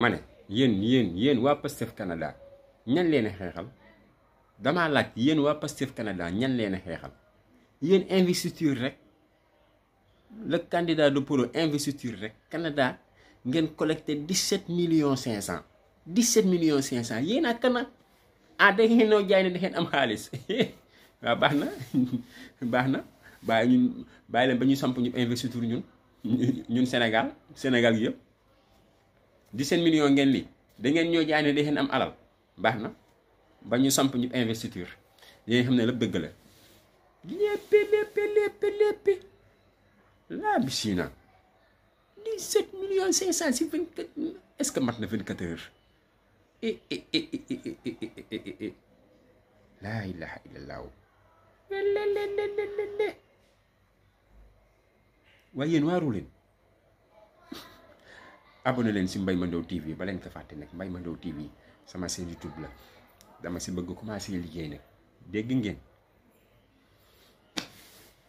ma ne yéen yéen yéen waa Pastef Canada ñan leen a xeexal damaa laaj yéen waa Pastef Canada ñan leen a xeexal yéen investiture rek le candidat de pour investiture rek Canada ngeen collecté 17 millions 500 17 millions 500 yéen a kana ah da ngeen noo jaay ne da ngeen am xaalis waaw baax na baax na bàyyi ñun leen ba ñu samp ñu investiture ñun ñun Sénégal Sénégal yëpp. di seen million ngeen lii da ñoo jaane ne da am alal baax na ba ñu samp ñu investiture yi nga xam ne la bëgg la lépp lépp lépp lépp laa bi si na dix-sept millions cinq cent si vingt-quatre est-ce que mat na vingt-quatre heures waaye yéen waaru leen abonné leen si Mbaye Mandione TV ba leen ko fàtte nag Mbaye Mandione TV sama seen YouTube la dama si bëgg commencé liggéey nag dégg ngeen.